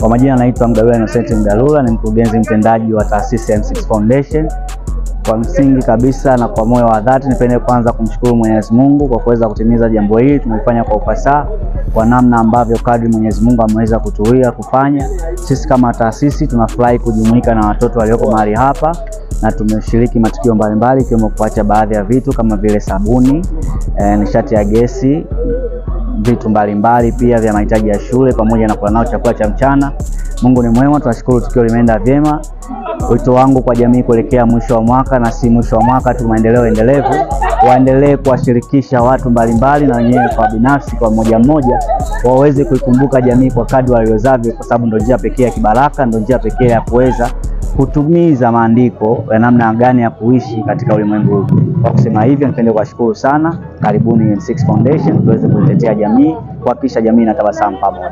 Kwa majina naitwa Mgalula Innocent Mgalula, ni mkurugenzi mtendaji wa taasisi ya M6 Foundation. Kwa msingi kabisa na kwa moyo wa dhati, nipende kwanza kumshukuru Mwenyezi Mungu kwa kuweza kutimiza jambo hili. Tumefanya kwa ufasaha, kwa namna ambavyo kadri Mwenyezi Mungu ameweza kutuia kufanya. Sisi kama taasisi tunafurahi kujumuika na watoto walioko mahali hapa na tumeshiriki matukio mbalimbali ikiwemo kuacha baadhi ya vitu kama vile sabuni, e, nishati ya gesi vitu mbalimbali pia vya mahitaji ya shule pamoja na kula nao chakula cha mchana. Mungu ni mwema, tunashukuru tukio limeenda vyema. Wito wangu kwa jamii kuelekea mwisho wa mwaka na si mwisho wa mwaka tu, maendeleo endelevu, waendelee kuwashirikisha watu mbalimbali na wenyewe kwa binafsi, kwa mmoja mmoja waweze kuikumbuka jamii kwa kadri waliwezavyo, kwa sababu ndio njia pekee ya kibaraka, ndio njia pekee ya kuweza kutumiza maandiko ya namna gani ya kuishi katika ulimwengu huu. Kwa kusema hivyo, nipende kuwashukuru sana. Karibuni M6 Foundation tuweze kuitetea jamii, kuhakikisha jamii inatabasamu pamoja.